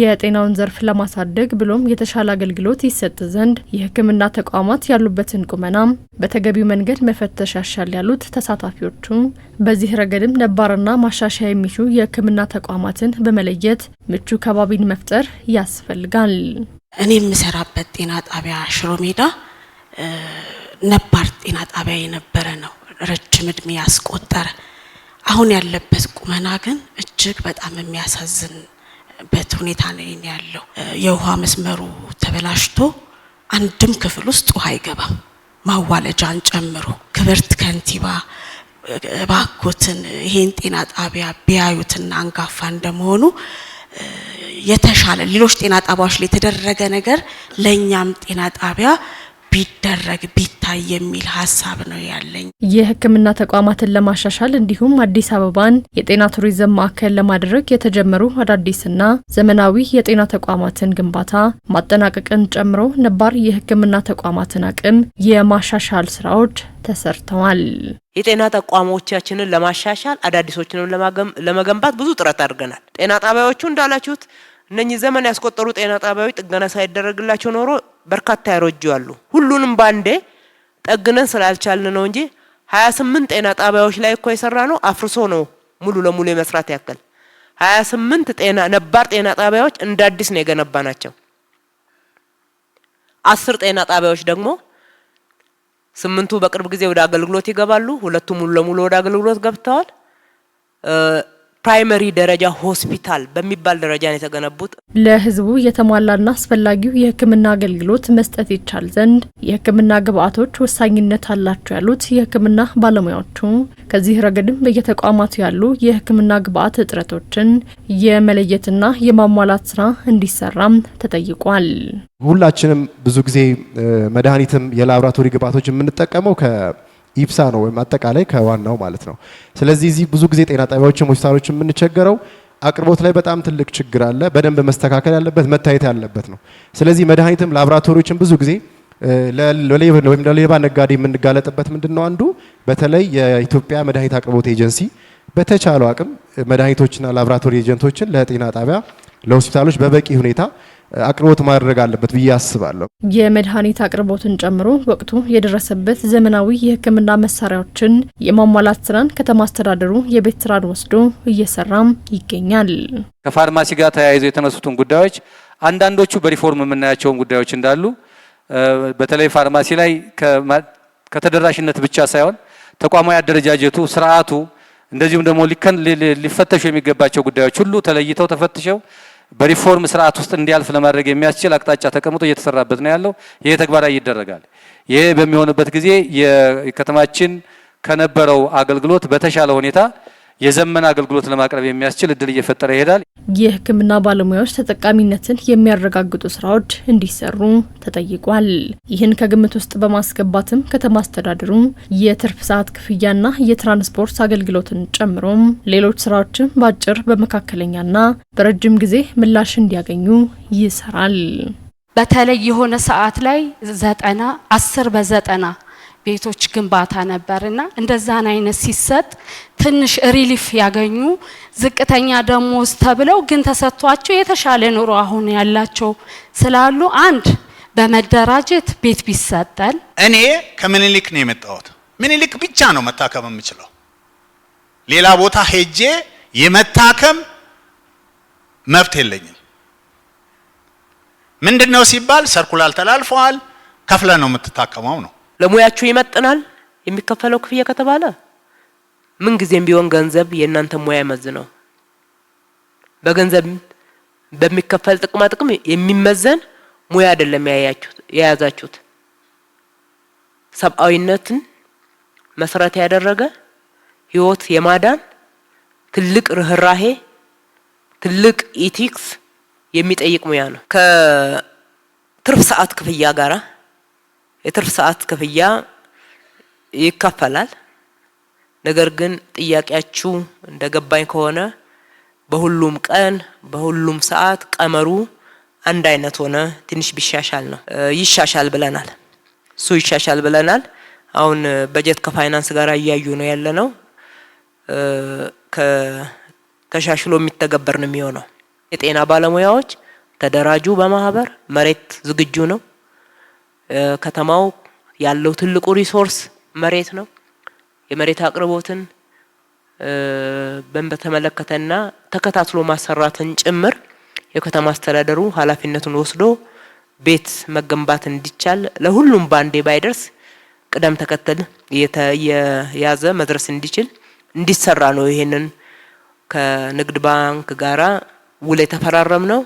የጤናውን ዘርፍ ለማሳደግ ብሎም የተሻለ አገልግሎት ይሰጥ ዘንድ የሕክምና ተቋማት ያሉበትን ቁመናም በተገቢው መንገድ መፈተሽ ያሻል ያሉት ተሳታፊዎቹ፣ በዚህ ረገድም ነባርና ማሻሻያ የሚሹ የሕክምና ተቋማትን በመለየት ምቹ ከባቢን መፍጠር ያስፈልጋል። እኔ የምሰራበት ጤና ጣቢያ ሽሮ ሜዳ ነባር ጤና ጣቢያ የነበረ ነው፣ ረጅም እድሜ ያስቆጠረ። አሁን ያለበት ቁመና ግን እጅግ በጣም የሚያሳዝን በት ሁኔታ ላይ ያለው የውሃ መስመሩ ተበላሽቶ አንድም ክፍል ውስጥ ውሃ አይገባም። ማዋለጃን ጨምሮ ክብርት ከንቲባ እባክዎትን ይሄን ጤና ጣቢያ ቢያዩትና አንጋፋ እንደመሆኑ የተሻለ ሌሎች ጤና ጣቢያዎች ላይ የተደረገ ነገር ለእኛም ጤና ጣቢያ ቢደረግ ቢታይ የሚል ሀሳብ ነው ያለኝ። የሕክምና ተቋማትን ለማሻሻል እንዲሁም አዲስ አበባን የጤና ቱሪዝም ማዕከል ለማድረግ የተጀመሩ አዳዲስና ዘመናዊ የጤና ተቋማትን ግንባታ ማጠናቀቅን ጨምሮ ነባር የሕክምና ተቋማትን አቅም የማሻሻል ስራዎች ተሰርተዋል። የጤና ተቋሞቻችንን ለማሻሻል አዳዲሶችንም ለመገንባት ብዙ ጥረት አድርገናል። ጤና ጣቢያዎቹ እንዳላችሁት እነኚህ ዘመን ያስቆጠሩ ጤና ጣቢያዎች ጥገና ሳይደረግላቸው ኖሮ በርካታ ያረጁ አሉ። ሁሉንም ባንዴ ጠግነን ስላልቻልን ነው እንጂ ሀያ ስምንት ጤና ጣቢያዎች ላይ እኮ የሰራ ነው አፍርሶ ነው ሙሉ ለሙሉ የመስራት ያክል ሀያ ስምንት ጤና ነባር ጤና ጣቢያዎች እንደ አዲስ ነው የገነባ ናቸው። አስር ጤና ጣቢያዎች ደግሞ ስምንቱ በቅርብ ጊዜ ወደ አገልግሎት ይገባሉ። ሁለቱ ሙሉ ለሙሉ ወደ አገልግሎት ገብተዋል። ፕራይመሪ ደረጃ ሆስፒታል በሚባል ደረጃ ነው የተገነቡት። ለህዝቡ የተሟላና አስፈላጊው የህክምና አገልግሎት መስጠት ይቻል ዘንድ የህክምና ግብአቶች ወሳኝነት አላቸው ያሉት የህክምና ባለሙያዎቹ ከዚህ ረገድም በየተቋማቱ ያሉ የህክምና ግብአት እጥረቶችን የመለየትና የማሟላት ስራ እንዲሰራም ተጠይቋል። ሁላችንም ብዙ ጊዜ መድኃኒትም የላብራቶሪ ግብአቶች የምንጠቀመው ኢብሳ ነው ወይም አጠቃላይ ከዋናው ማለት ነው። ስለዚህ እዚህ ብዙ ጊዜ ጤና ጣቢያዎችም ሆስፒታሎች የምንቸገረው አቅርቦት ላይ በጣም ትልቅ ችግር አለ። በደንብ መስተካከል ያለበት መታየት ያለበት ነው። ስለዚህ መድኃኒትም ላብራቶሪዎችም ብዙ ጊዜ ወይም ለሌባ ነጋዴ የምንጋለጥበት ምንድን ነው አንዱ በተለይ የኢትዮጵያ መድኃኒት አቅርቦት ኤጀንሲ በተቻለው አቅም መድኃኒቶችና ላብራቶሪ ኤጀንቶችን ለጤና ጣቢያ ለሆስፒታሎች በበቂ ሁኔታ አቅርቦት ማድረግ አለበት ብዬ አስባለሁ። የመድኃኒት አቅርቦትን ጨምሮ ወቅቱ የደረሰበት ዘመናዊ የሕክምና መሳሪያዎችን የማሟላት ስራን ከተማ አስተዳደሩ የቤት ስራን ወስዶ እየሰራም ይገኛል። ከፋርማሲ ጋር ተያይዘው የተነሱትን ጉዳዮች አንዳንዶቹ በሪፎርም የምናያቸውን ጉዳዮች እንዳሉ በተለይ ፋርማሲ ላይ ከተደራሽነት ብቻ ሳይሆን ተቋማዊ አደረጃጀቱ፣ ስርዓቱ እንደዚሁም ደግሞ ሊፈተሹ የሚገባቸው ጉዳዮች ሁሉ ተለይተው ተፈትሸው በሪፎርም ስርዓት ውስጥ እንዲያልፍ ለማድረግ የሚያስችል አቅጣጫ ተቀምጦ እየተሰራበት ነው ያለው። ይሄ ተግባራዊ ይደረጋል። ይሄ በሚሆንበት ጊዜ የከተማችን ከነበረው አገልግሎት በተሻለ ሁኔታ የዘመን አገልግሎት ለማቅረብ የሚያስችል እድል እየፈጠረ ይሄዳል። የሕክምና ባለሙያዎች ተጠቃሚነትን የሚያረጋግጡ ስራዎች እንዲሰሩ ተጠይቋል። ይህን ከግምት ውስጥ በማስገባትም ከተማ አስተዳደሩ የትርፍ ሰዓት ክፍያና የትራንስፖርት አገልግሎትን ጨምሮም ሌሎች ስራዎችም በአጭር በመካከለኛና በረጅም ጊዜ ምላሽ እንዲያገኙ ይሰራል። በተለይ የሆነ ሰዓት ላይ ዘጠና አስር በዘጠና ቤቶች ግንባታ ነበርና እንደዛን አይነት ሲሰጥ ትንሽ ሪሊፍ ያገኙ ዝቅተኛ ደሞዝ ተብለው ግን ተሰጥቷቸው የተሻለ ኑሮ አሁን ያላቸው ስላሉ አንድ በመደራጀት ቤት ቢሰጠን። እኔ ከምኒልክ ነው የመጣሁት። ምኒልክ ብቻ ነው መታከም የምችለው። ሌላ ቦታ ሄጄ የመታከም መብት የለኝም። ምንድን ነው ሲባል ሰርኩላል ተላልፈዋል፣ ከፍለ ነው የምትታከመው ነው ለሙያችሁ ይመጥናል የሚከፈለው ክፍያ ከተባለ ምን ጊዜም ቢሆን ገንዘብ የእናንተ ሙያ ይመዝነው። በገንዘብ በሚከፈል ጥቅማ ጥቅም የሚመዘን ሙያ አይደለም የያዛችሁት። ሰብአዊነትን መሰረት ያደረገ ህይወት የማዳን ትልቅ ርህራሄ፣ ትልቅ ኢቲክስ የሚጠይቅ ሙያ ነው። ከትርፍ ሰዓት ክፍያ ጋራ የትርፍ ሰዓት ክፍያ ይከፈላል። ነገር ግን ጥያቄያችሁ እንደገባኝ ከሆነ በሁሉም ቀን በሁሉም ሰዓት ቀመሩ አንድ አይነት ሆነ። ትንሽ ቢሻሻል ነው ይሻሻል ብለናል። እሱ ይሻሻል ብለናል። አሁን በጀት ከፋይናንስ ጋር እያዩ ነው ያለ ነው። ተሻሽሎ የሚተገበር ነው የሚሆነው። የጤና ባለሙያዎች ተደራጁ፣ በማህበር መሬት ዝግጁ ነው። ከተማው ያለው ትልቁ ሪሶርስ መሬት ነው። የመሬት አቅርቦትን በተመለከተና ተከታትሎ ማሰራትን ጭምር የከተማ አስተዳደሩ ኃላፊነቱን ወስዶ ቤት መገንባት እንዲቻል ለሁሉም ባንዴ ባይደርስ ቅደም ተከተል የያዘ መድረስ እንዲችል እንዲሰራ ነው። ይሄንን ከንግድ ባንክ ጋራ ውል የተፈራረም ነው።